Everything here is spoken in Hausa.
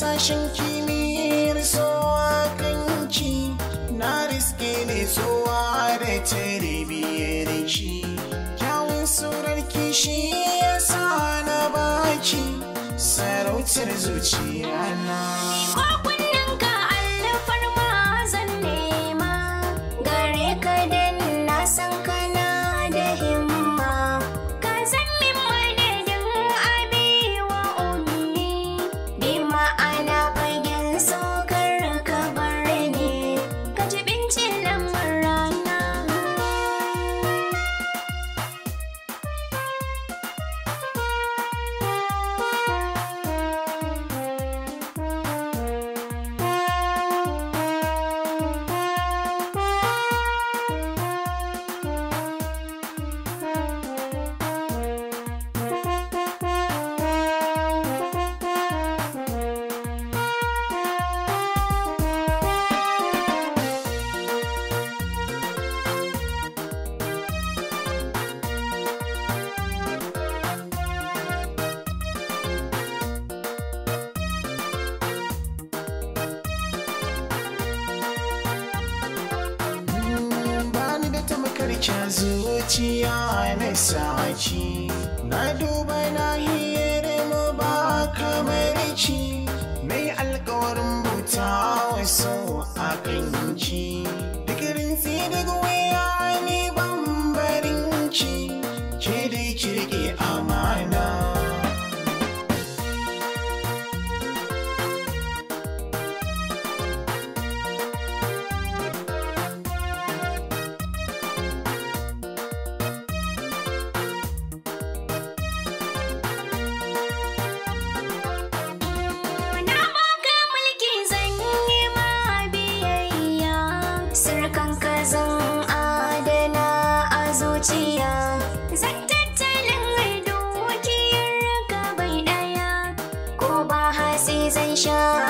sashen kimiyyar zuwa kanci na riske ne zuwa da tarbiyyar shi kyawun surar kishi ya sa na baki sarautar zuciya na zuciya na saci na duba na hiyar mu ba kamar ci mai alkawarin buta wasu a kan ci zuciya zattattalen haidu wakilin raka bai ɗaya ko ba hatsi zan sha